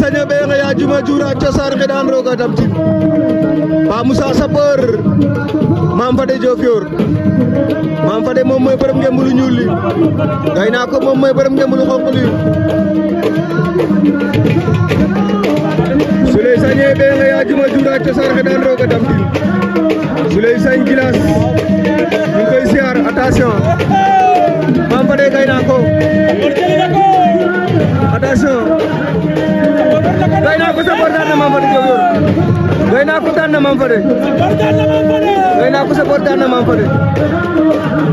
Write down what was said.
be nga ya juma jura cosaan xeɗaan rooga damtin Pa Moussa Sapeur Mame mam fa de mom moy beram borom lu ñuul li gaynaa ko moy beram borom lu xonq li sanya be nga ya juma jura ro ka dam ci Souley sanya Gilas ñu koy ziar attention kusa border na Mame Fadé Diop naa ku daan na Mame Fadé doy naa kusa border na Mame Fadé